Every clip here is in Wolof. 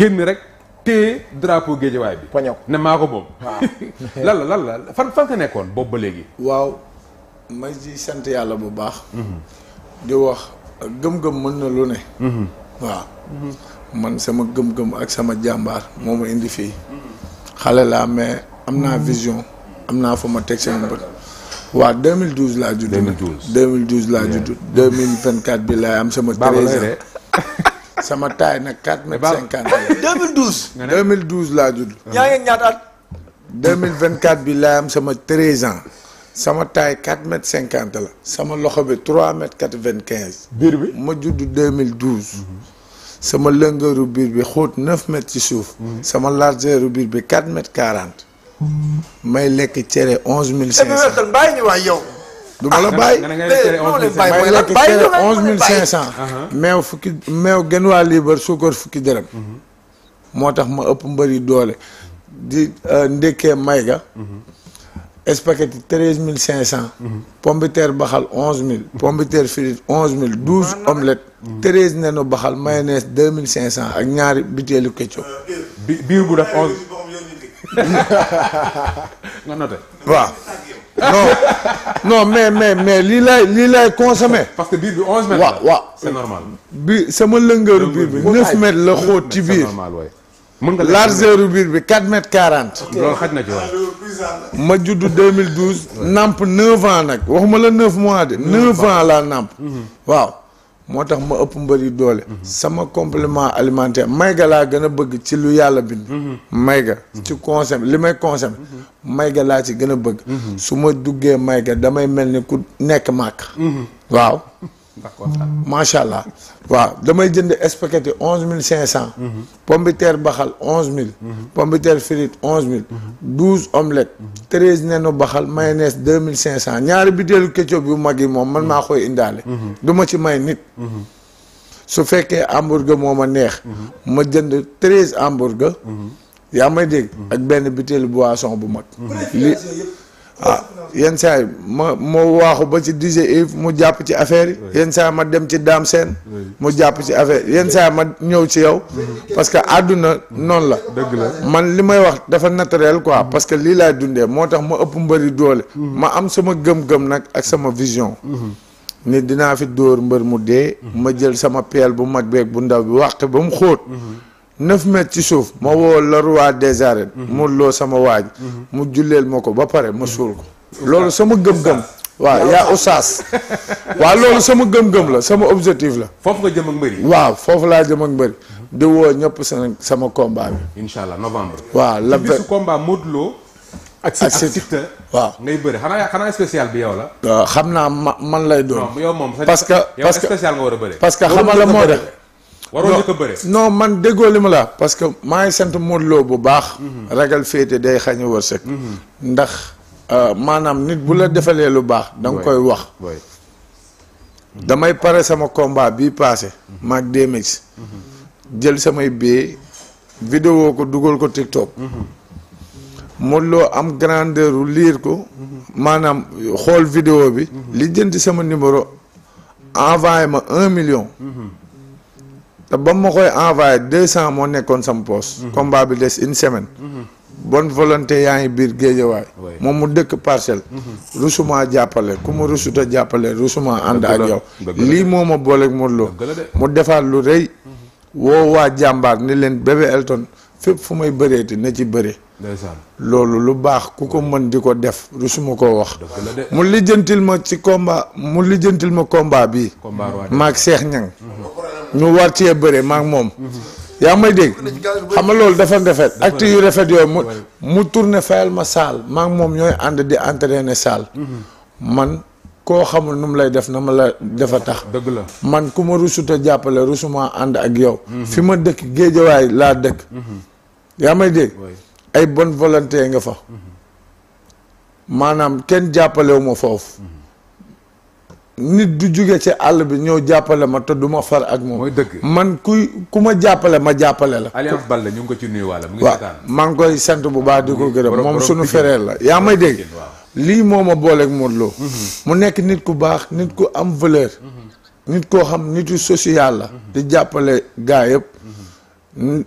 génn rek téye drapeau géejawaay bi. poñe ne maa ko moom. waaw ah. lan la la fan fan nga nekkoon boobu ba léegi. waaw ma ci sant yàlla bu baax. Mhm. di wax gëm-gëm mën na lu ne. Mhm. waaw mhm. man sama gëm-gëm ak sama jàmbaar moo ma indi fii. xale laa mais am naa vision. am naa fa ma teg sama bët. waaw 2012 laa judd. 2012 2012 laa judd 2024 bi laay am sama. 13 ans sama taille nag 4 mètres 50. 2012. 2012 laa judd. yaa ngi ñaata at. am sama 13 ans. sama taille 4 mètres 50 la. sama loxo bi 3 mètres 95. biir bi ma judd 2012. sama lëngëru biir bi xóot 9 mètres ci suuf. Mhm. sama largeur biir bi 4 mètres quarante mhm. may lekk cere 11500. et eh, cinq bàyyi du ma la bàyyi. onze mille cinq cent ah, ah. meew fukki meew gën waa liibar suukar fukki dërëm mhm. moo tax ma ëpp mbëri doole di euh, ndékkee mayga mhm. spaghetti treize mille cinq cent mhm. pomme baxal onze mille pomme de onze mille douze omelette treize nenu baxal mayonnaise deux mille cinq cent ak ñaari biteelu ketchup biir non non mais mais mais lii lay lii lay consommé. parce que biir bi onze waaw waaw bi sama lëngëru biir bi neuf mètres la xóot ci biir. mën nga largeur biir bi quatre mètres quarante. loolu xaj na ci waay. ma juddu 2012. namp neuf ans nag waxuma la neuf mois de. neuf ans laa namp. Mhm. waaw. moo tax ma ëpp mbëri doole sama complement alimentaire mayga laa gën a bëgg ci lu yàlla bind mayga ci consommer li may consommer mayga laa ci gën a bëgg mhm. su ma duggee mayga damay mel ni ku nekk màkk mhm. waaw Je Wa, waaw damay jënd onze de terre baxal onze de terre onze mille omelettes 13 nenu baxal mayonnaise deux mille cinq cent ketchup yu mag yi man ma koy suis du ci fait nit su fekkee hamburger moo de neex ma jënd hamburgers may boisson ah yenn saa ma ma waaxu ba ci dije Yves mu jàpp ci affaire yi yenn saa ma dem ci daam seen mu jàpp ci affaire yenn saa ma ñëw ci yow parce que àdduna noonu la dëgg la man li may wax dafa naturel quoi mm-hmm. parce que lii laay dundee moo tax ma ëpp mbëri doole mm-hmm. ma am sama gëm-gëm nag ak sama vision mm-hmm. ni dinaa fi dóor mbër mu dee ma jël sama peel bu mag beeg bu ndaw bi wàq ba mu xóot neuf mètres ci suuf ma woo le roi des arènes mhm. mu sama waaj mhm. mu julleel ma ko ba pare ma mhm. suul ko loolu sama gëm-gëm waaw yaa Oustaz waaw loolu sama gëm-gëm la sama objectif la foofu nga jëm ak mbëri waaw foofu laa jëm ak mbëri di woo ñëpp sama sama combat bi incha allah novembre waaw la bisu combat Modou Lo ak Siteu waaw ngay bëri xanaa xanaa spécial bi yow la. waaw xam naa man lay doon. yow moom parce que parce a bëri. parce que la moo def waroon njëkk a man déggoo li ma la parce que maa ngi sant Modou bu baax. Mhm. ragal féete day xañ a wërsëg. Mhm. ndax euh, maanaam nit bu la mhm. defalee lu baax. da koy wax. damay pare sama combat bii paase. maag DMX. jël samay bee. vidéo ko dugal ko TikTok. Modou am grandeur u liir ko. maanaam xool vidéo bi. li jënd sama numéro envoyé ma un million. te ba ma koy envoyé deux cent moo nekkoon sam poos mhm. bi des une semaine mhm. bon volonté yaa ngi biir géejawaay moom mu dëkk parcelle mhm. rusuma jàppale ku mu rusuta jàppale rusuma ànd ak yow lii moo ma booleeg Modou Lo mu defaat lu rey woo waa jàmbaar ni leen bébé Elton fépp fu may bëreeti na ci bëre loolu lu baax ku ko mën di ko def rusuma ko wax mu lijjantil ma ci komba mu lijjantil ma komba bi maag Cheikh Niang ñu war cee bëre maag moom mm-hmm. yaa may dégg xam nga loolu dafa rafet acte rafet yooyu mu mu tourné fayal ma saal moom ñooy ànd di entraîné saal mm-hmm. man xamul nu lay def na ma la dafa tax dëgg la man ku ma rusuta jàppale rusuma ànd ak yow mm-hmm. fi ma dëkk géejawaay laa dëkk yaa may dégg ay bonne volonté nga fa maanaam kenn jàppalewu ma foofu nit du jóge ci àll bi ñëw jàppale ma te du ma far ak moom. mooy dëgg man kuy ku ma jàppale ma jàppale la. Alliance Baldé ñu ngi ko ci nuyuwaale. mu ngi waaw maa ngi koy sant bu baax di ko gërëm moom suñu frère la yaa may dégg. lii moo ma booleek Modou Lo. Mhm. mu nekk nit ku baax nit ku am valeur. Mhm. nit koo xam nitu social la. Mhm. di jàppale gaa yëpp.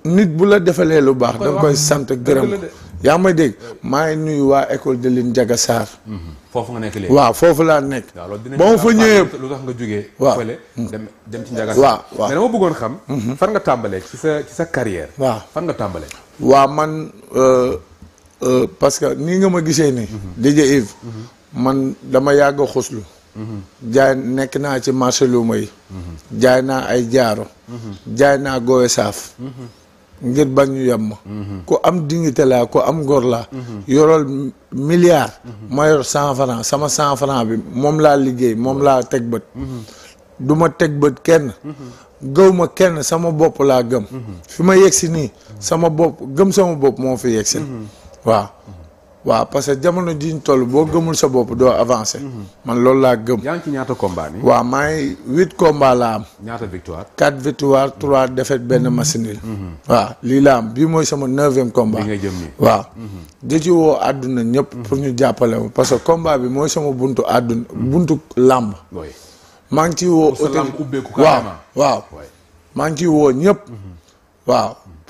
nit bu la defalee lu baax da koy sant gërëm ko yaa ma dégg maa ngi nuyu waa école de Lune Ndiaga Sarr mhm. foofu nga nekk waaw foofu laa nekk ba ma fa ñëwee lu tax nga jógee waaw fële mhm. dem dem ci waaw waaw mais bëggoon xam mhm. fan tàmbalee ci sa ci sa fan nga tàmbalee waaw man euh, euh, parce que nii nga ma gisee ni DJ Yves man dama yàgg a xuslu jaay nekk naa ci marché lu yi jaay naa ay jaaro jaay naa goowe saaf ngir bañ ñu yem ma ku am dignité laa ku am ngor laa yorool milliard ma yor cent franc sama cent franc bi moom laa liggéey moom laa teg bët du ma teg bët kenn gëw ma kenn sama bopp laa gëm fi ma yegsi nii sama bopp gëm sama bopp moo fi yegsi waaw waaw parce que jamono ñu toll boo gëmul sa bopp doo avancé. Mhm. man loolu laa gëm. yaa ngi ñaata combat nii. waaw maa ngi huit combat laa am. ñaata victoire. quatre victoire mhm. trois défaite benn mhm. machine yi. waaw lii laa am bii mooy sama neuvième combat. bi nga jëm nii waaw. di ci woo àdduna ñëpp. pour ñu jàppale ma parce que combat bi mooy sama buntu àdduna buntu làmb. maa ngi ciy woo. waaw waaw maa ngi ciy woo ñëpp.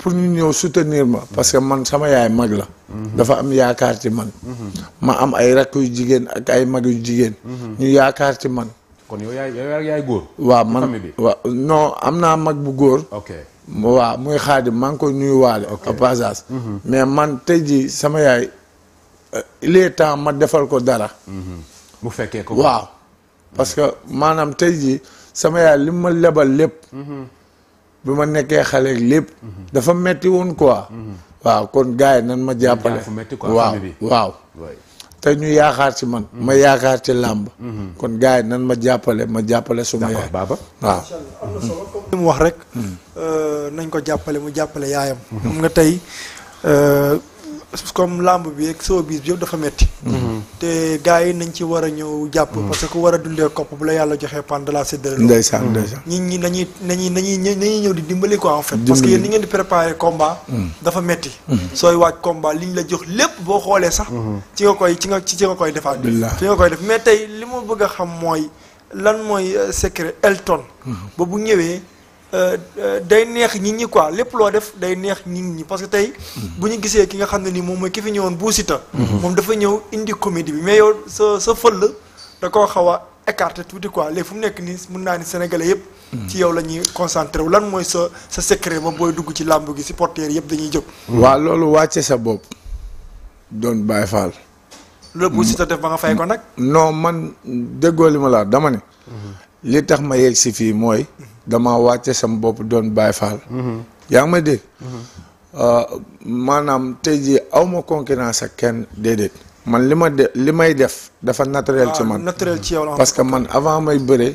pour ñu ñëw soutenir ma parce que man sama yaay mag la dafa am yaakaar ci man ma am ay rakk yu jigéen ak ay mag yu jigéen ñu yaakaar ci man kon yow yaay yow yaay góor waaw man waa no am naa mag bu góor ok waaw muy xaadim maa ngi ko nuyuwaale au passage mhm. mais man tey jii sama yaay euh, il temps ma defal ko dara bu mhm. fekkee ko waaw parce que maanaam tey jii sama yaay li ma lebal lépp mhm. bi ma nekkee xale lépp. dafa metti woon quoi. waaw kon gars yi nan ma jàppale. waaw waaw. te ñu yaakaar si man. ma yaakaar ci làmb. kon gars nan ma jàppale ma jàppale suma yaay. baaba waaw. wax rek. Euh, nañ ko jàppale mu jàppale yaayam. Mhm. xam nga tey euh, comme làmb bi ak showbiz bi yëpp dafa metti mhm. te gars yi nañ ci war a ñëw jàpp. Mm. parce que war a dundee kopp bu la yàlla joxee pan de la séddale. ndeysaan mm. ndeysaan ñi ñi nañuy nañuy nañuy nañuy ñëw di dimbali quoi en fait. parce que yéen ni ngeen di préparer combat. Mm. dafa metti sooy waaj combat liñ la jox lépp boo xoolee sax. Mm-hmm. ci nga koy ci nga ci nga koy defaat. ci nga koy def mais tey li ma bëgg a xam mooy lan mooy euh, secret Elton. Mm-hmm. ba bu ñëwee. Euh, euh, day neex nit ñi quoi lépp loo def day neex nit ñi parce que tey. bu ñu gisee ki nga xam ne nii moom mooy ki fi ñëwoon buusita. Mhm. moom dafa ñëw indi comédie bi mais yow sa sa fël da ko xaw a écarté tuuti quoi léegi fu mu nekk nii mun naa ni sénégalais yëpp. Mhm. ci yow la ñuy concentré wu lan mooy sa sa secret ba booy dugg ci làmb gi supporters yëpp dañuy jóg. waa loolu wàcce sa bopp. doon Baye Fall. loolu buusita def ba nga fay ko nag. non man déggoo li ma laa dama ne. Mhm. li tax ma yegg si fii mooy dama wàcce sama bopp doon Baay Faal yaa ma dégg euh, maanaam tey jii awma ma concurrence ak kenn déedéet man li ma de li may def dafa naturel ci ah, man naturel ci yow parce que man avant may bëre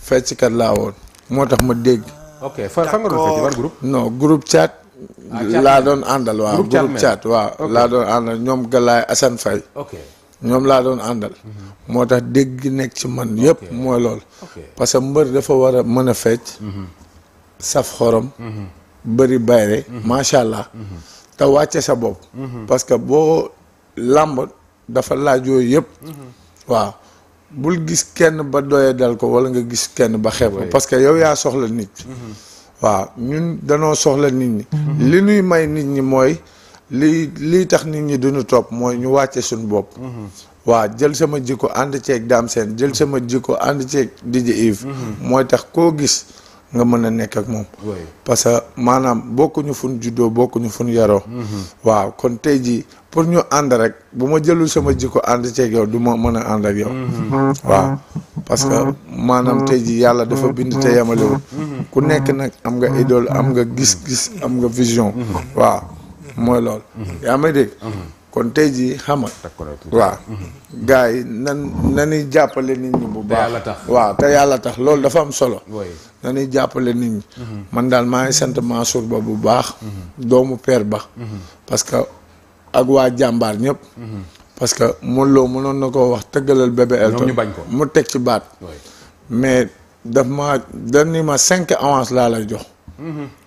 fecckat laa woon moo tax ma dégg ok fan nga doon ah, laa doon àndal waaw groupe chat waaw laa doon àndal ñoom Galaay Assane Faye ñoom laa doon àndal. moo tax dégg nekk ci man yëpp mooy loolu. parce que mbër dafa war a mën a fecc. Mhm. saf xorom. Mhm. bëri bayre mhm. macha allah. te wàcce sa bopp. parce que boo làmb dafa laaj yooyu yëpp. waaw bul gis kenn ba doye dal ko wala nga gis kenn ba xeeb ko parce que yow yaa soxla nit. waaw ñun danoo soxla nit ñi. li nuy may nit ñi mooy. li lii tax nit ñi duñu topp mooy ñu wàcce suñu bopp mhm. waa jël sama jikko ànd ceeg daam seen jël mhm. sama jikko ànd ceeg DJ Yves mhm. mooy tax koo gis nga mën a nekk ak moom parce que maanaam bokkuñu fu ñu juddoo bokkuñu fu ñu yaroo waaw kon tey jii pour ñu ànd rek bu ma jëlul sama jikko ànd ceeg du ma mën a ànd ak waaw parce que maanaam tey jii yàlla dafa bind te yemalewul ku nekk nag am nga idole am nga gis-gis am nga vision waaw mooy lool yaa may dégg kon tey jii xama waaw gars yi na nañuy jàppale nit ñi bu baax waaw te yàlla tax loolu dafa am solo nañuy jàppale nit ñi mhm. man daal maa ngi sant ba bu baax mhm. doomu père ba mhm. parce que ak waa jàmbaar ñëpp parce que mënuloo mënoon na ko wax tëggalal bébé Elton mu teg ci baat mais daf ma dañu ma cinq avance laa lay jox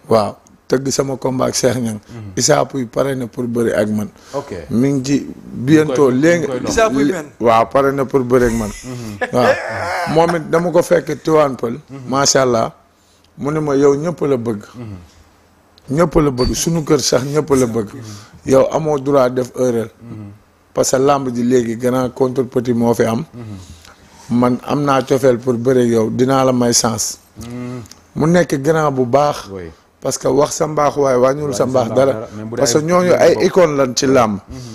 waaw tëgg sama combat ak Cheikh Niang. Mhm. Issa Pouye pare na pour bëri ak man. ok mi ngi ci bientôt léegi. Issa waaw pare na pour bëri ak man. Mhm. waaw moom it dama ko fekk Tiwaan Pël. Mhm. macha allah mu ne ma yow ñëpp la bëgg. ñëpp la bëgg suñu kër sax ñëpp la bëgg. yow amoo droit def erreur. parce que làmb ji léegi grand contre petit moo fi am. man am naa cofeel pour bëri yow dinaa la may chance. mu nekk grand bu baax. parce que wax sa mbaax waaye wàññiwul sa mbaax dara parce que ñooñu ay icône lan ci làmb mhm.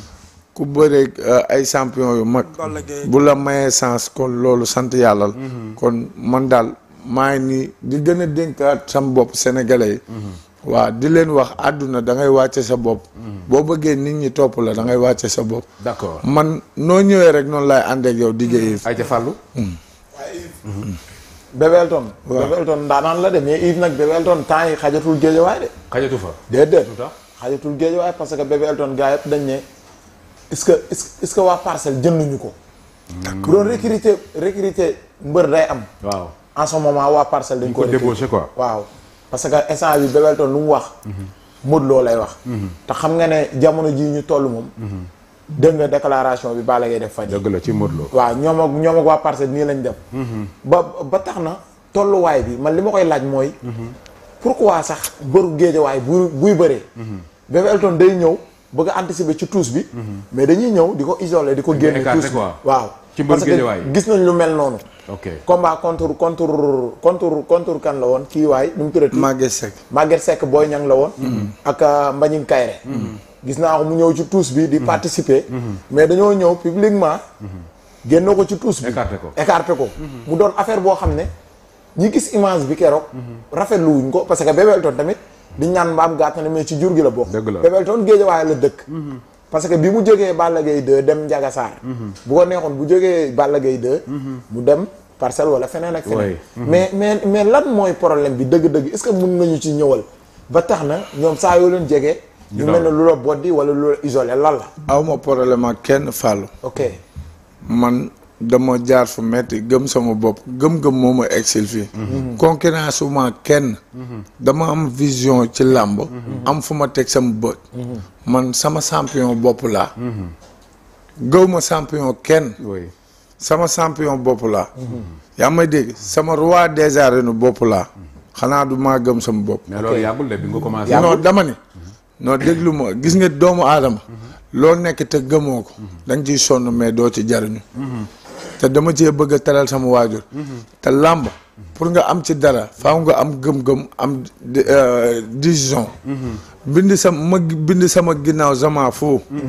ku bëre euh, ay champion yu mag bu la mayee sens kon loolu sant yàlla la mhm. kon man daal maa ngi nii di gën a dénkaat sam bopp sénégalais yi mhm. waaw di leen wax àdduna da ngay wàcce sa bopp boo bëggee nit ñi topp la da ngay wàcce sa bopp d'accord man noo ñëwee rek noonu laay ànd ak yow di jëyee Bébé Elton. waaw Bébé Elton ndaanaan la de mais Yves nag Bébé Elton temps yi xajatul géejawaay de. xajatu fa déedéet. xajatul géejawaay parce que Bébé Elton gars yëpp dañ ne est-ce que est que waa parcelle jënduñu ko. bu doon recruter recruter mbër day am. waaw en moment waa parcelle dañ ko débauché quoi waaw parce que instant bi Bébé lu mu wax. Mhm. Modou loo lay wax. Mhm. te xam nga ne jamono jii ñu toll moom. Mhm. dégg nga déclaration bi Balla Gaye def fan dëgg la ci Modou Lo waaw ñoom ak ñoom ak waa Parcelles nii lañ def mhm. ba ba tax na tolluwaay bi man li ma koy laaj mooy mhm. pourquoi sax bëru géejawaay bu buy bëree mhm. Bébé Elton day ñëw bëgg a ci tuus bi mais dañuy ñëw di ko isoler di ko génne tuus bi waaw ci mbër géejawaay gis nañ lu mel noonu. ok combat contre contre contre contre kan la woon kii waay nu mu tuddati. Maguette Seck Maguette Seck Boy Niang la woon. Mm-hmm. ak euh, Mbagnick Kaïré. Mm-hmm. gis naa ko mu ñëw ci tuus bi di mm-hmm. participer. mais dañoo ñëw publiquement. génnoo ko ci tuus bi écarté ko écarté ko. mu doon affaire boo xam ne ñi gis image bi keroog. rafetlu wuñ ko parce que Bébé Elton tamit di ñaan mbaam gàtt na mais ci jur gi la bokk. dëgg la Bébé Elton géejawaay la dëkk. parce que bi mu jógee Balla gay 2 dem Ndiaga Sarr mhm. bu ko neexoon bu jógee Balla gay 2 mhm. mu dem parcelle wala feneen ak feneen mhm. mais mais mais lan mooy problème bi dëgg-dëgg est-ce que mun nañu ci ñëwal ba tax na ñoom saa yoo leen jege ñu mel ne lu la boddi wala lu la isolé lan la awma problème ak kenn fàllu ok man dama jaar fu metti gëm sama bopp gëm-gëm moo ma exil fii mhm. concurrence kenn mhm. dama am vision ci làmb mhm. am fu ma teg sama bët man sama champion bopp laa gëw ma champion kenn sama champion bopp laa yaa may dégg sama roi des arènes bopp laa xanaa du maa gëm sama bopp mais loolu yàggul de bi nga dama ne non déglu ma gis nga doomu aadama loo nekk te gëmoo ko da nga ciy sonn mais doo ci jariñu te dama cee bëgg a teral sama waajur te làmb pour nga am ci dara faw nga am gëm-gëm am euh, décision bind sama mag bind sama ginnaaw jamaa foofu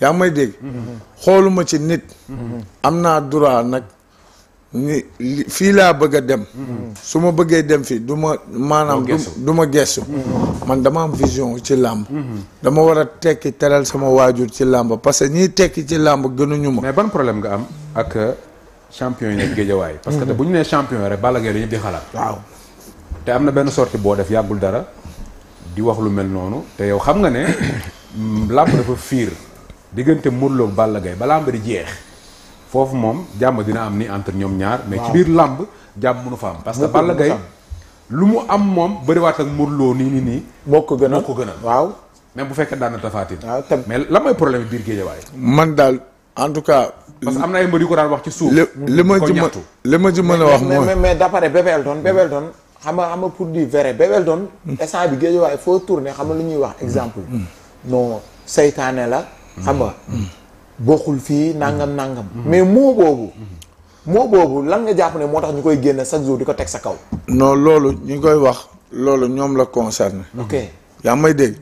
yaa may dégg xooluma ci nit am naa droit nag ni fii laa bëgg a dem su ma bëggee dem fii du ma maanaam du ma gestu man dama am vision ci làmb dama war a tekki teral sama waajur ci làmb parce que ñiy tekki ci làmb gënuñu ma mais problème nga am ak champion yi nekk géejawaay parce que bu ñu nee champion rek Balla Gaye la di xalaat. te am na benn sortie boo def yàggul dara di wax lu mel noonu te yow xam nga ne làmb dafa fiir diggante Modou Lo Balla Gaye jeex foofu moom jàmm dina am ni entre ñoom ñaar. mais biir làmb jàmm mënu fa am. parce que Balla Gaye lu mu am moom bëriwaat ak Modou Lo nii nii nii. moo ko gënal moo ko gënal. waaw même bu fekkee daan na tafaatin. mais la mooy problème biir géejawaay. en tout cas. parce que am na ay mbër yu ko daan wax ci suuf. li ma ci li ma ci mën a wax. mooy mais mais d'après Bébé Elton Bébé Elton xam nga xam nga pour dire vrai Bébé Elton. Mm. instant bi géej waaye foo tourné xam nga lu ñuy wax exemple. Mm. non seytaane la. Mm. xam nga. bokkul fii nangam nangam. mais moo boobu. moo boobu lan nga jàpp ne moo tax ñu koy génne chaque jour di ko teg sa kaw. non loolu ñu koy wax. loolu ñoom la concerné. ok yaa may dégg.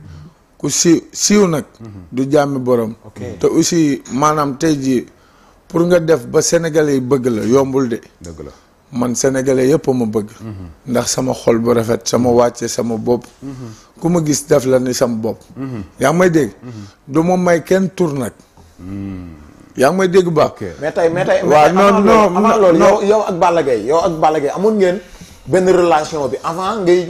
ku siiw siiw nag du jàmmi borom te aussi maanaam tey jii pour nga def ba sénégalais yi bëgg la yombul de dëgg la man sénégalais yëpp ma bëgg mhm. ndax sama xol bu rafet sama mhm. wàcce sama bopp mhm. ku ma gis def la ni sama bopp yaa ngi may dégg du ma may kenn tur nag yaa may dégg baax mais tey mais tey waaw non non avant loolu yow ak Balla Gaye yow ak Balla Gaye ngeen benn relation bi avant ngay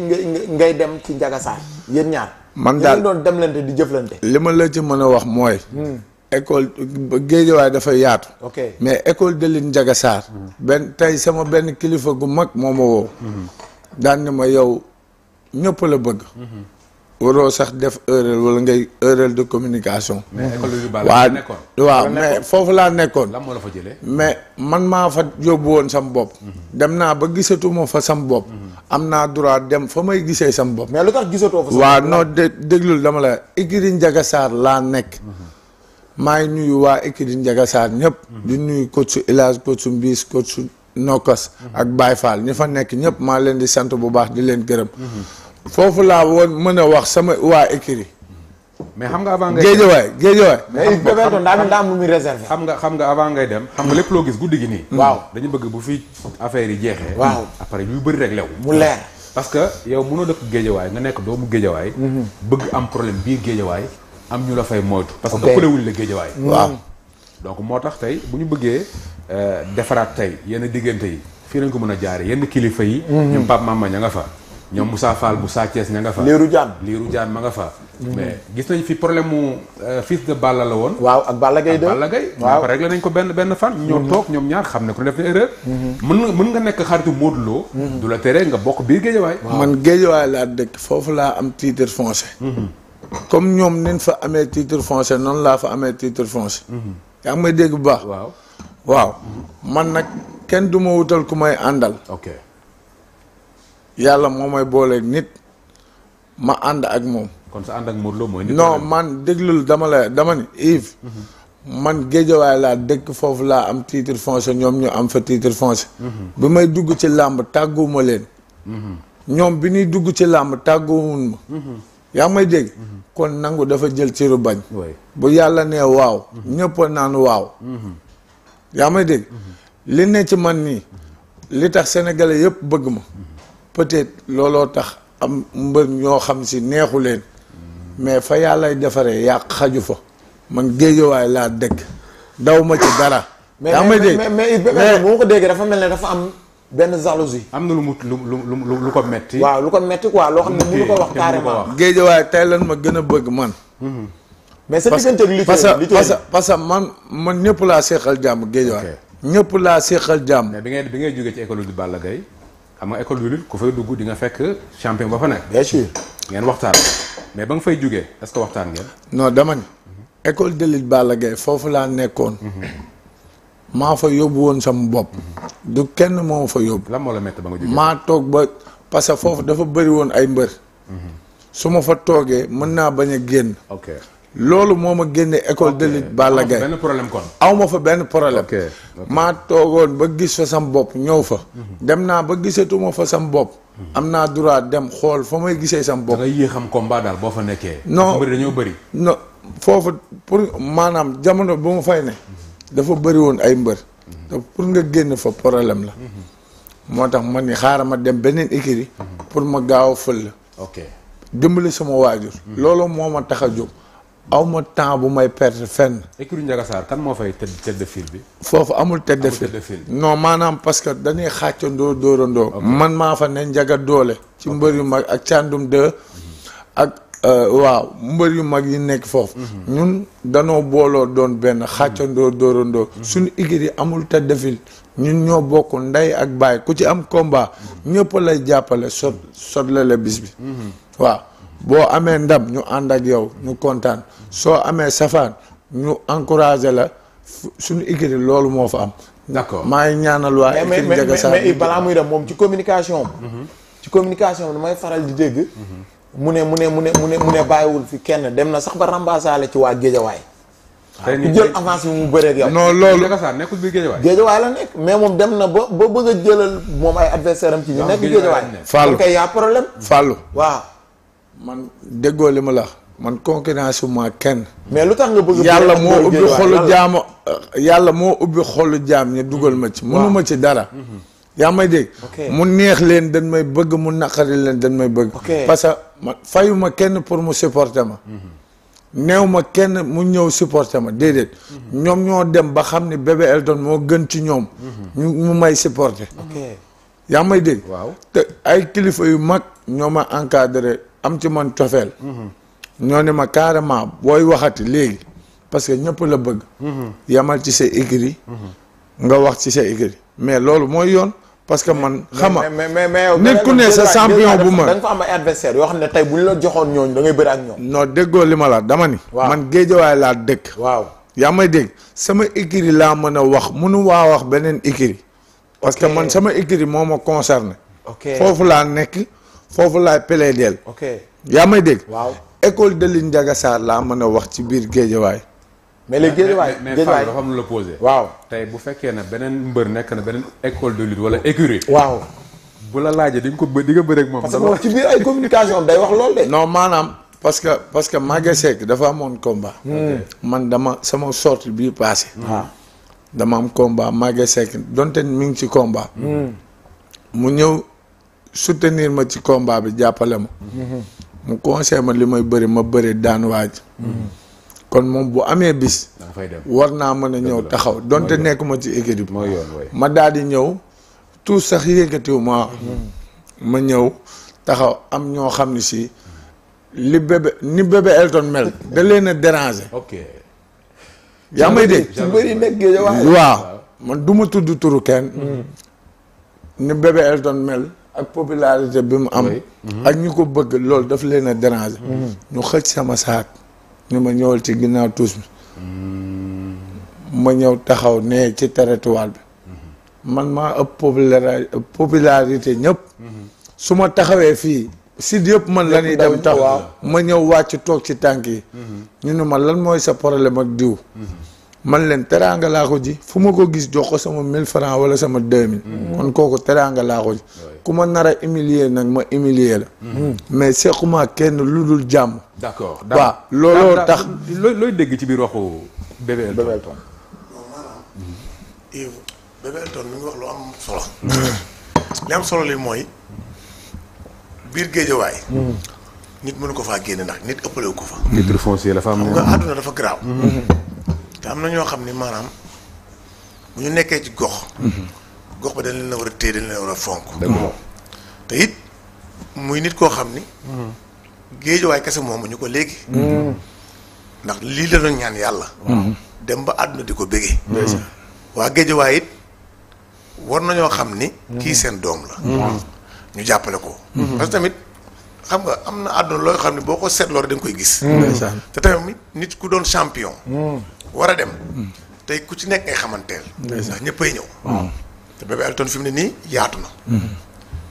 ngay dem ci Ndiaga Sarr yéen ñaar man daal doon demlante di jëflante. li ma la ci mën a wax mooy. Hmm. école waaye dafa yaatu. ok mais école de lin Njaga Saar. Hmm. benn tey sama benn kilifa gu mag moo ma woo. Hmm. daan na ma yow ñëpp la bëgg. waroo sax def erreur wala ngay erreur de communication. mais waaw mais foofu laa nekkoon. lan moo la fa jëlee. mais man maa fa yóbbu woon sam bopp. dem naa ba gisatuma fa sam bopp. am naa droit dem fa may gisee sama bopp. mais lu tax gisatoo fa. waaw non dé déglul dama la écurie Ndiaga laa nekk. maa ngi nuyu waa écurie Ndiaga Sarr ñëpp. di nuyu coach su El Hadj coach su Mbiis coach su ak baay Fall ñi fa nekk ñëpp maa leen di sant bu baax di leen gërëm. Mhm. foofu laa woon mën a wax sama waa écurie. mais xam nga avant ngay dem géejewaay géejewaay. mais Bebeto daa daa am lu muy xam nga xam nga avant ngay dem. lépp loo gis guddi gi nii. waaw dañu bëgg bu fi affaire yi jeexee. waaw après yu bëri rek lew. mu leer parce que yow mënoo dëkk géejewaay nga nekk doomu géejewaay. Mhm. bëgg am problème biir géejewaay am ñu la fay moytu. parce que ëppalewuñ la géejewaay. Mhm. waaw donc moo tax tey bu ñu bëggee euh, defaraat tey yenn diggante yi fii lañ ko mën a jaaree yenn kilifa yi. Mhm. ñoom Pape Mama ña nga fa ñoom Moussa Fall bu saa Thiès ña nga fa. Liiru Jaan Liiru Jaan ma nga fa. Mhm. mais gis nañ fi problème mu euh, fils de Balla la woon. waaw ak Balla Gaye de Balla Gaye. waaw réglé nañ ko benn benn fan. ñoo mhm. toog ñoom ñaar xam ne ku def mhm. mën nga mën nga nekk xaritu Modou loo du la tere nga bokk biir Géejawaay. man Géejawaay laa dëkk foofu laa am titre foncé. comme ñoom nin fa amee titre foncé noonu laa fa amee titre foncé. yaa ngi may dégg bu baax. waaw waaw man nag kenn du ma wutal ku may àndal. ok. yalla momay bolé nit ma and ak mom kon sa and ak mourlo moy nit non man deglul dama la dama ni if mhm. man gejeway la dekk fofu la am titre foncé ñom ñu am fa titre foncé mhm. bi may dugg ci lamb taguma len mhm. ñom bi ni dugg ci lamb taguwun ma ya may deg kon nangu dafa jël ci ru bañ bu yalla ne waw ñepp nañu waw ya may deg li ne ci man ni li tax sénégalais yépp bëgg ma peut-être looloo tax am mbër ñoo xam si neexu leen mais fa yàllay defaree yàq xaju fa man géejawaay laa dëkk daw ma ci dara. yaa may dégg mais mais mais ko déggee dafa mel ne dafa am benn jalousie. am na lu mu lu lu lu ko metti waaw lu ko metti quoi loo xam ne mënu ko wax carrément. géejawaay tey lan ma gën a bëgg man. Mm-hmm. mais sa diggante ak parce que parce que man man ñëpp laa seexal jàmm géejawaay. ñëpp laa seexal jàmm. mais bi ngay bi ngay jógee ci école du Balla xam nga école de lutte ku fay dugg di nga fekk champion ba fa nekk. bien ngeen waxtaan mais ba fay jugee est-ce que waxtaan ngeen. non école de lutte Balla foofu laa nekkoon. maa fa yóbbu woon sama bopp. du kenn moo fa yóbbu. lan moo la ba nga maa toog ba parce que foofu dafa bëri woon ay mbër. Mhm. su ma fa toogee mën naa bañ a génn. ok loolu moo ma génne ecole de lutte Balla Gaye benn problème kon aw ma fa benn problème maa toogoon ba gis fa sam bopp ñëw fa mhm. dem naa ba gisatuma fa sam bopp mhm. am naa droit dem xool fa may gisee sam bopp da ngay yéexam combat daal boo fa nekkee non bëri dañoo bëri non foofu pour maanaam jamono bu ma fay ne mhm. dafa bëri woon ay mbër pour nga génn fa problème la moo tax man ni xaaral ma dem beneen écurie pour ma gaaw a fël ok dimbali sama waajur loolu moo ma tax a jóg aw ma temps bu may perte fenn. écurie Ndiaga Sarr kan moo fay tête de file bi. foofu amul tête de file non maanaam parce que dañuy xàccandoo dóorandoo. man maa fa ne njaga doole. ci mbër yu mag ak càndum de mhm. ak euh, waaw mbër yu mag yi nekk foofu. Mhm. ñun danoo booloo doon benn xàccandoo mhm. dóorandoo. suñu écurie amul tête de file ñun ñoo bokk ndey ak baay ku ci am combat. ñëpp lay jàppale sot sot la bi. waaw. boo amee ndam ñu ànd ak yow ñu kontaan soo amee safaan ñu encouragé la suñu équipe loolu moo fa am. d'accord maa ngi ñaanal waa. équipe Ndiaga Sarr mais balaa muy dem moom ci communication mm-hmm. ci communication am damay faral di dégg. Mm-hmm. mu ne mu ne mu ne mu ne mu ne bàyyiwul fi kenn dem na sax ba rambasaale ci waa Géejawaay. tey ah, ku jël avance bi mu bëree ak yow. non loolu nekkul biir Géejawaay. Géejawaay la nekk mais moom dem na ba ba bëgg a jëlal moom ay adversaire am ci ñu nekk Géejawaay. Fallou kay problème. Fallou waaw. man déggoo li ma la man concurrence ma kenn. mais lu tax nga yàlla moo ubbi xolu jaam yàlla moo ubbi xolu jaam ñu dugal ma ci. mënu ma ci dara. Mhm. yaa may dégg. mu neex leen dañ may bëgg mu naqari leen dañ may bëgg. parce que man fayu kenn pour mu supporter ma. Mhm. neew ma kenn mu ñëw supporter ma déedéet. Mhm. ñoom ñoo dem ba xam ne bébé Elton moo gën ci ñoom. ñu mu may supporter. yaa may dégg. te ay kilifa yu mag ñoo ma encadré. am ci man cofeel ñoo ne ma carrément booy waxati léegi parce que ñëpp la bëgg yamal ci sa écrit nga wax ci sa écrit mais loolu mooy yoon parce que man xama nit ku ne sa champion bu ma da nga am ay adversaire yoo xam ne tey bu la joxoon ñooñu da ngay bëri déggoo li ma la dama ni man géejawaay laa dëkk waaw yaa may dégg sama écrit laa mën a wax mënu waa wax beneen écrit parce que man sama écrit moo ma concerné foofu laa nekk foofu laay plaider. ok yaa may dégg. waaw école de Ly Ndiaga laa mën a wax ci biir Géejawaay. mais léegi Géejawaay Géejawaay dafa am lu la posé. waaw tey bu fekkee ne beneen mbër nekk na beneen école de lutte wala écurie. waaw. bu la laajee di nga ko bë di nga bëri ak moom. parce que ci biir ay communication day wax loolu de. maanaam parce que parce que Maguette Seck dafa amoon combat. Hmm. man dama sama sorti bii passé. Hmm. Ah. dama am combat Maguette Seck donte mi ngi ci combat. Hmm. mu ñëw. soutenir ma ci komba bi jàppale ma. Mhm. mu conseil ma li may bëri ma bëri daan waaj. Mhm. kon moom bu amee bis. war naa mën a ñëw taxaw donte nekk ma ci équipe bi. ma daal di ñëw tout sax yëkkatiw ma. Mhm. ma ñëw taxaw am ñoo xam ni si li bébé ni bébé Elton mel. da leen a yaa may dégg. waaw man duma tudd turu kenn. ni bébé Elton mel. ak popularité bi mu am. Mm-hmm. ak ñu ko bëgg loolu daf leen a déranger. Mm-hmm. ñu xëcc sama saak ñu ma ñëwal ci ginnaaw tuus bi. Mm-hmm. ma ñëw taxaw nee ci territoire bi. man maa ëpp populari popularité ñëpp. su ma taxawee fii. sid yëpp man la ñuy dem taxaw ma ñëw wàcc toog ci tànk yi. ñu ne ma lan mooy sa problème ak diw. man leen teraanga laa ji fu ma ko gis jox ko sama mille francs wala sama 2000. kon kooku teraanga ji. ku nara nar nak humilier nag ma humilier la. Hmm. mais sequma kenn lu dul jàmm. d' accord waaw tax. loy looy ci bir waxu Bébé bebel ton Elton. Yves Bébé Elton mi ngi wax lu am solo. li am solo li mooy biir géejawaay. Hmm. nit mënu ko fa genn nak nit ëppalewu ko fa. titre foncier la fa am. nga hmm. àdduna dafa garaaw. te am na ñoo xamni manam bu ñu nekké ci gox. gox ba dañ leen war a téye dañ leen war a fonk. te it muy nit koo xam ni. géejawaay kese moomu ñu ko léegi. Mm-hmm. ndax lii la doon ñaan yàlla. dem ba àdduna di ko bëggee. Mm-hmm. waa géejawaay it war na ñoo xam ni. Mm-hmm. kii seen doom la. ñu jàppale ko. parce que tamit xam nga am na àdduna loo xam ne boo ko seetloo da nga koy gis. te tamit nit ku doon champion. war a dem. tey ku ci nekk ngay xamanteel. ndax ñëppay ñëw. te bébé Elton fi mu ne nii yaatu na.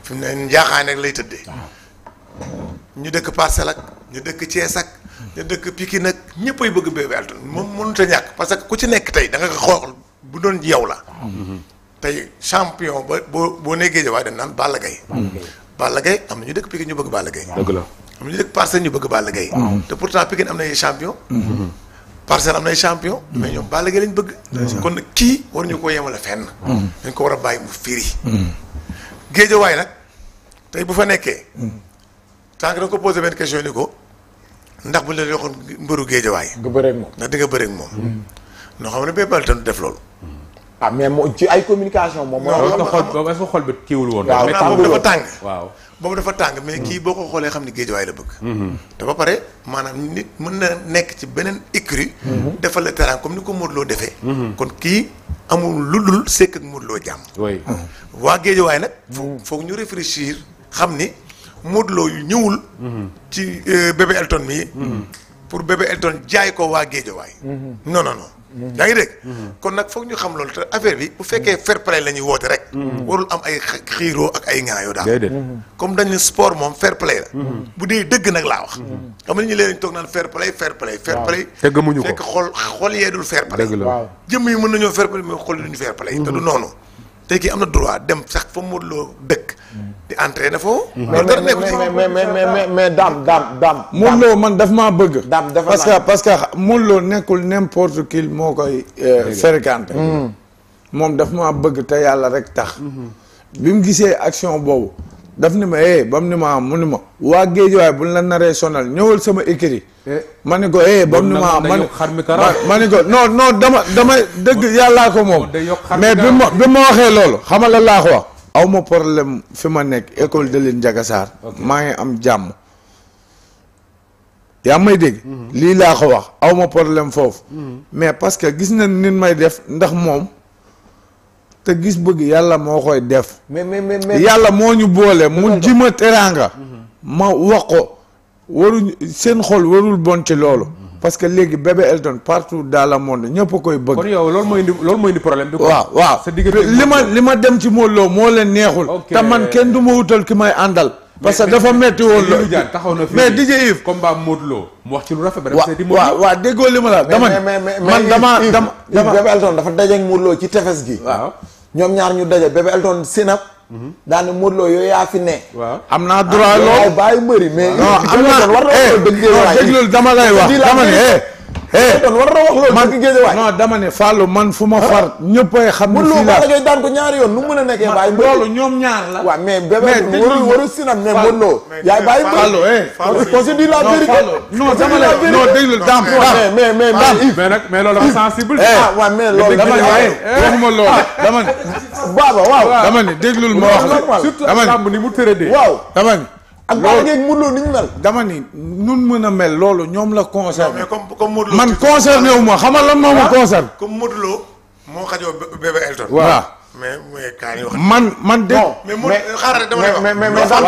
fi mu ne njaaxaan rek lay tëddee. Ah. ñu dëkk Parcelles ak ñu dëkk Thiès ak. ñu dëkk Pikine nag ñëppay bëgg bébé Elton moom mënut a ñàkk parce que ku ci nekk tey da nga ko xool bu doon yow la. tey champion boo boo nekkee jaww dañ naan Balla Gaye. Balla Gaye am na ñu dëkk Pikine ñu bëgg Balla Gaye. ñu bëgg Balla Gaye. Ah. te pourtant Pikine am na ay champion. Mm-hmm. parcelle am nay champion. mais ñoom Balla Gaye lañ bëgg. kon kii war ñu ko a fenn. Mm. dañ ko war a bàyyi mu firi. Mm. géejawaay nag tey bu fa nekkee. Mm. tant que ko posé benn question ni ko ndax bu la joxoon mbëru géejawaay. nga bëreeg moom ndax di nga bëreeg moom. noo xam ne bépp a def loolu. ah mais moo ci ay communication moom. moo loolu moom est-ce que xol bi kiiwul woon. waaw boobu dafa tàng. waaw boobu dafa tàng mais hmm. kii boo ko xoolee xam ni géejuwaay la bëgg. Hmm. te ba pare maanaam nit mën na nekk ci beneen écurie. Hmm. defal la terrain comme ni ko Modou Lo defee. kon kii amul lu dul sekk ak Modou Lo jàmm. waa waa waaye nag. foog ñu réfléchir xam ni Modou ñëwul. ci euh, bébé Elton mii. pour bébé Elton jaay ko waa Géejawaay. Mhm. non non non. Mhm. yaa ngi dégg. Mhm. kon nag foog ñu xam loolu te affaire bi bu fekkee fair play la ñuy woote rek. warul am ay xiiro ak ay ŋaayoo daal. comme dañ ne sport moom fair play la. bu dee dëgg nag laa wax. xam nga nit ñi léeg-léeg toog naan fair play fair play. fair play te gëmuñu ko fekk xol xol yee dul fair play. jëm la jëmm yi mën nañoo fair play mais xol yi duñu fair play. te du noonu. tey kii am na droit dem sax fa mu dëkk. di entraîné foofu. loolu mhm. dara nekkul ci mais mais mais mais daam daam daam. Modou Lo man daf maa bëgg. daam dafa parce parce que Modou Lo nekkul n'importe qui moo koy. Euh, fréquenté. Mhm. moom daf maa bëgg te yàlla rek tax. Mhm. bi mu gisee action boobu. daf ni ma eh, ba mu ni ma mu ni ma waa géej waay buñ la naree sonal ñëwal sama écrit eh. ma ni ko eh ba mu ni ma ma ni ko non non dama dama dëgg yàllaa ko moom mais bi ma bi ma waxee loolu xamala laa ko wax aw ma problème fi ma nekk école de leen jagasaar maa ngi am jàmm yaa may dégg mhm. lii laa ko wax aw ma problème foofu mhm. mais parce que gis na nit may def ndax moom te gis bëgg yàlla moo koy def mais mais mais yàlla moo ñu boole mu ji ma teraanga mhm. ma wax ko waruñ seen xol warul bon ci loolu parce que léegi bébé Elton partout dans le monde ñëpp koy bëgg. kon yow bi. waaw waaw li ma li ma dem ci Modou Lo moo leen neexul. te man kenn du ma wutal ki may àndal. parce que dafa metti woon la taxaw na mais DJ Yves combat Modou Lo mu wax ci lu rafet ba waaw waaw déggoo li ma la dama man dama dama bébé Elton dafa daje ak ci tefes gi. ñoom ñaar ñu daje bébé Elton sinap daana Modou Lo yooyu yaa fi ne. waaw am naa droit ah, lool bàyyi eh, dama lay wax dama ne Eh, hee kon war wax loolu. man dama ne Fallou man fu ma ah. far. ñëppay xam ne fii laa mënuloo daan ñaari yoon mu mën a nekkee. bàyyi mbër loolu ñoom ñaar la. waaw mais bébé waru waru si nag mais mënuloo. yaay bàyyi mbër Fallou eh, Fallou on se dit la vérité. non dama ne non déglu daam. Ah, mais mais mais mais nag eh, dama ne waxuma loolu dama ne. baaba waaw dama ne déglul ma wax la. ak Balla Gaye Modou Lo ni ñu mel. dama ni nun mën a mel loolu ñoom la concerné. comme comme man concerné wu ma xamal lan moo ma ah, concerné. comme Modou Lo moo xajoo bébé Elton. mais mais kaa ñu man man de. mais Modou xaaral dama mais mais mais xam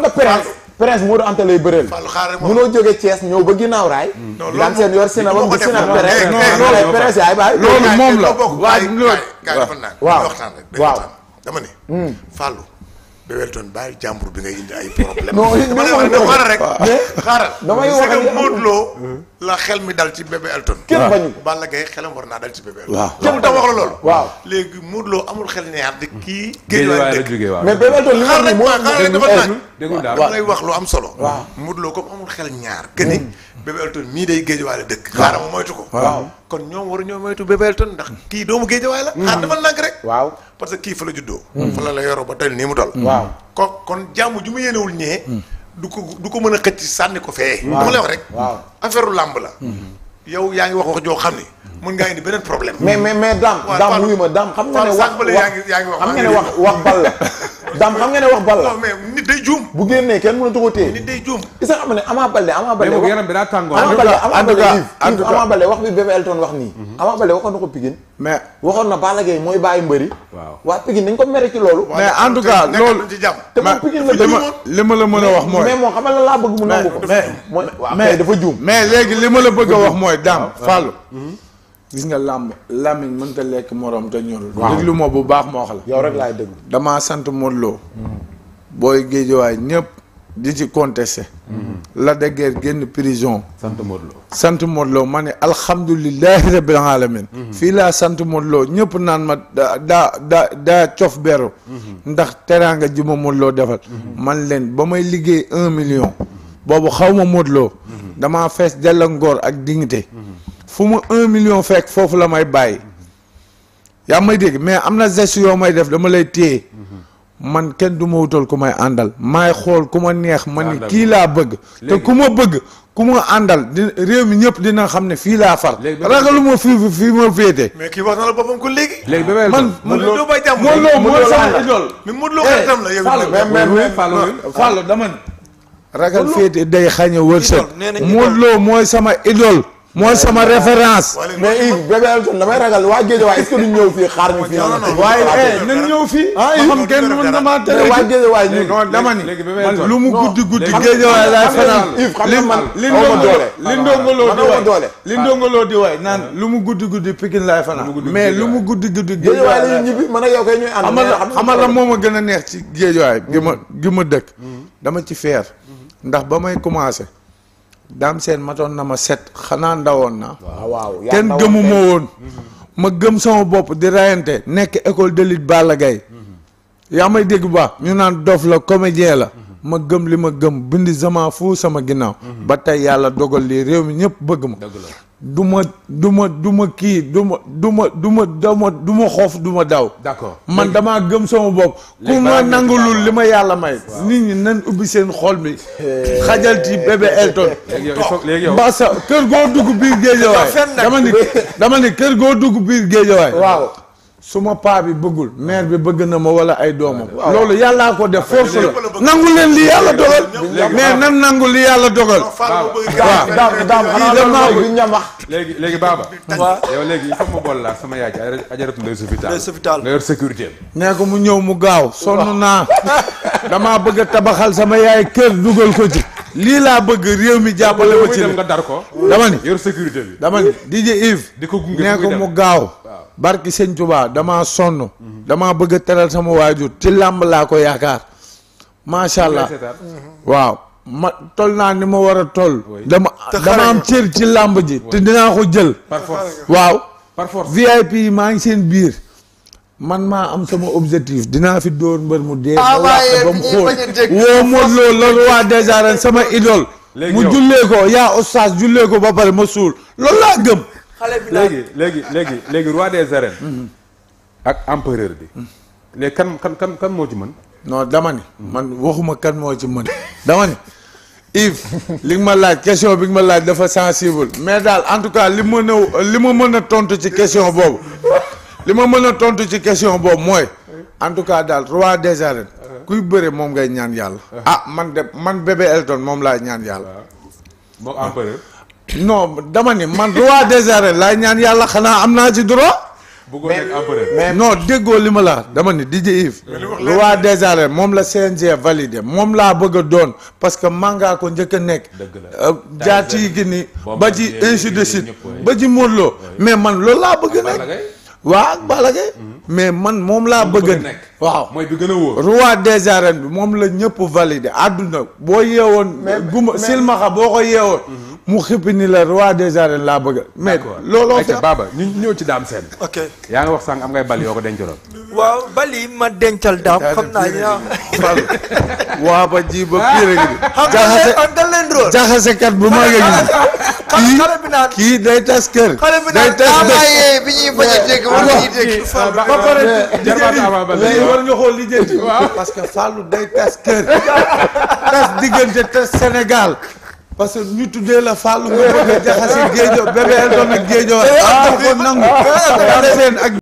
nga prince prince Modou Anta lay bëreel. munoo jóge Thiès ñëw ba ginnaaw raay. non loolu moom yor Sénégal ba mu Sénégal prince. non non prince yaay loolu moom la waaw waaw waaw Bewelton bàyyi jàmbur bi ngay indi ay problème. non xaaral rek xaaral. damay wax ak Modou Lo la xel mi dal ci bébé Elton. kenn bañu ko Balla Gaye xelam war naa dal ci bébé Elton. waaw xel ñaar di hmm. kii. géej waay la jógee waaw mais bébé Elton li mu wax wax lu solo. waaw Modou Lo comme amul ñaar. que ni hmm. mii day géej waay dëkk. xaaral ma ko. waaw kon ñoom war ñoo moytu bébé Elton ndax kii doomu géej waay la. Hmm. xaar dafa nànk rek. waaw parce que kii fa la juddoo. fa la la yoroo ba tey nii mu toll. waaw ko kon jàmm ju mu yéenewul ñee du ko du ko mën a xëcc sànni ko fee. waaw dama lay wax rek. waaw affaire làmb la. Mm-hmm. yow yaa ngi wax wax joo xam ni. mën ngaa indi beneen problème. mais mais mais daam. daam wuyu ma daam xam nga wax wax yaa ngi yaa ngi wax xam wax wax bal la. daam xam nga ne wax bal la. day juum. bu génnee kenn mënatu ko téye. nit day juum. isa xam ne Ama Baldé Ama Baldé. mais yaram wax bi Bébé Elton wax nii. Mhm. Ama Baldé waxoon na ko Pikine. mais waxoon na Balla Gaye mooy bàyyi mbëri. waaw waa Pikine nañ ko mere ci loolu. mais en tout cas loolu te moom ma li ma la mën a wax mooy. mais moom xamal la laa bëgg mu juum. ma la mhm. mënta lekk morom te ñorul. waaw déglu bu baax ma wax la. yow rek laay déglu. damaa sant Modou Lo. Mhm. booy géejewaay ñëpp di ci contesté. Mm-hmm. Lac de génn prison. sant Modou Lo sant Modou ma ne alhamdulilahi rabbil alamin mm-hmm. fii laa sant Modou Lo ñëpp naan ma daa da daa cof beru. Mm-hmm. ndax teraanga ji ma Modou Lo defal. man leen ba may liggéey un million. boobu xaw ma Modou damaa fees della ngor ak dignité. fu ma un million fekk foofu la may bàyyi. yaa may dégg mais am na geste yoo may def dama lay téye. man kenn du ma wutal ku àndal maay xool ku ma neex ma ni kii laa bëgg te ku ma bëgg ku ma àndal di réew mi ñëpp dina xam ne fii laa far ragalu ma fii fii ma féete mais kii wax na la boppam ko léegi léegi bébé man man loo bay jàmm moom loo mooy sama idole mi ma loo xaritam la eh, yow Fallou Fallou dama ragal féete day xañe wërsëg moom loo mooy sama idole mooy sama référence. mais Yves Bébé Elton damay ragal waa Géej waay est fii xaar ñu fii. waaye eh ñëw fii. ah Yves xam kenn mën na maa tere. waa Géej waay ñun dama ni lu mu guddi guddi. Géej waay laay fanaan Yves xam nga man aw ma di waay li lu mu guddi guddi Pikine laay fanaan. mais lu mu guddi guddi. Géej waay la ñibbi man a yow kay ñuy ànd. xamal la moo ma gën a neex ci Géej waay gi ma gi ma dëkk. dama ci feer ndax ba may commencé daam seen matoon na ma set xanaa ndawoon na waaw kenn gëmu ma woon. Mm-hmm. ma gëm sama bopp di rayante nekk école de lutte Balla Gaye mm-hmm. yaa may dégg bu baax ñu naan dof la comédien la. Mm-hmm. ma gëm li ma gëm bindi zaman fu sama ginnaaw mhm. ba tey yàlla dogal lii réew mi ñëpp bëgg ma du ma du ma du ma kii du ma du ma du ma dama du ma xoof du ma daw d'accord man damaa gëm sama bopp ku ma nangulul li ma yàlla may nit ñi nan ubbi seen xol mi xajal ci bébé Elton sa kër goo dugg biir géejawaay dama ni dama ni kër goo dugg biir géejawaay su ma paa bi bëggul maire bi bëgg na ma wala ay doomam loolu yàllaa ko def force la nangu leen li yàlla dogal mais nan nangu li yàlla dogal daam daam léegi léegi baaba yow léegi il faut ma sama yaay ajaratu nday nga yor sécurité nee ko mu ñëw mu gaaw sonn naa damaa bëgg tabaxal sama yaay kër dugal ko ci lii laa bëgg réew mi jàppale ma ci nga dar ko dama ni yor sécurité bi dama ni DJ Yves di ko gunge nee ko mu gaaw barki sëñ Tuubaa damaa sonn damaa bëgg a teral sama waajur ci làmb laa ko yaakaar macha allah mhm. waaw ma toll naa ni ma war a toll dama dama am ci làmb ji te dinaa ko jël par waaw par force VIP yi maa ngi seen biir man maa am sama objectif dinaa fi dóor mbër mu dee. ah waaye ba mu xool woo Modou sama idole. mu jullee ko yaa oustaz jullee ko ba pare ma suul lool laa gëm. xale bi léegi léegi léegi léegi roi des arènes. ak empereur bi. léegi kan kan kan moo ci man no dama ni. man waxuma kan moo ci mën dama ni. Yves li nga ma laaj question bi nga ma laaj dafa sensible mais daal en tout cas li ma mën li ma mën a tontu ci question boobu li ma mën a tontu ci question boobu mooy. en tout cas daal roi des arènes. Uh-huh. kuy bëre moom ngay ñaan yàlla. Uh-huh. ah man de man bébé Elton moom laay ñaan yàlla. Uh-huh. moom empereur. dama ni man roi des arènes laay ñaan yàlla xanaa am naa ci droit. bëggoon nekk empereur non déggoo li ma la dama ni DJ Yves. roi des arènes moom la CNG validé moom laa bëgg a doon parce que manga ko njëkk a nekk. dëgg la euh, jaar ci gi ni ba ci ainsi de suite ba ci Modou mais man loolu laa bëgg nekk. waa ak Balla Gaye mm-hmm. mais man moom laa bëgg nekk waaw mooy bi gën a wóor roi des arènes bi moom la ñëpp validé àdduna boo yeewoon guma silmaxa boo ko yeewoon mm-hmm. mu xippi ni la roi des arènes laa bëgg mais looloo fi baba ñu ñëw ci daam seen yaa ngi wax sànq am ngay bal yoo ko dencaloon waaw bal yi ma dencal daam xam naa yaa ah. waa ba ji ba pire ah. gi jaxase jaxasekat bu mag a ngi kii day tas kër day que tas diggante tas Sénégal parce que ñu tuddee la Fallou nga bëgg a jaxase géejo bébé Elton ak géejo. ah ko nangu. ak seen ak.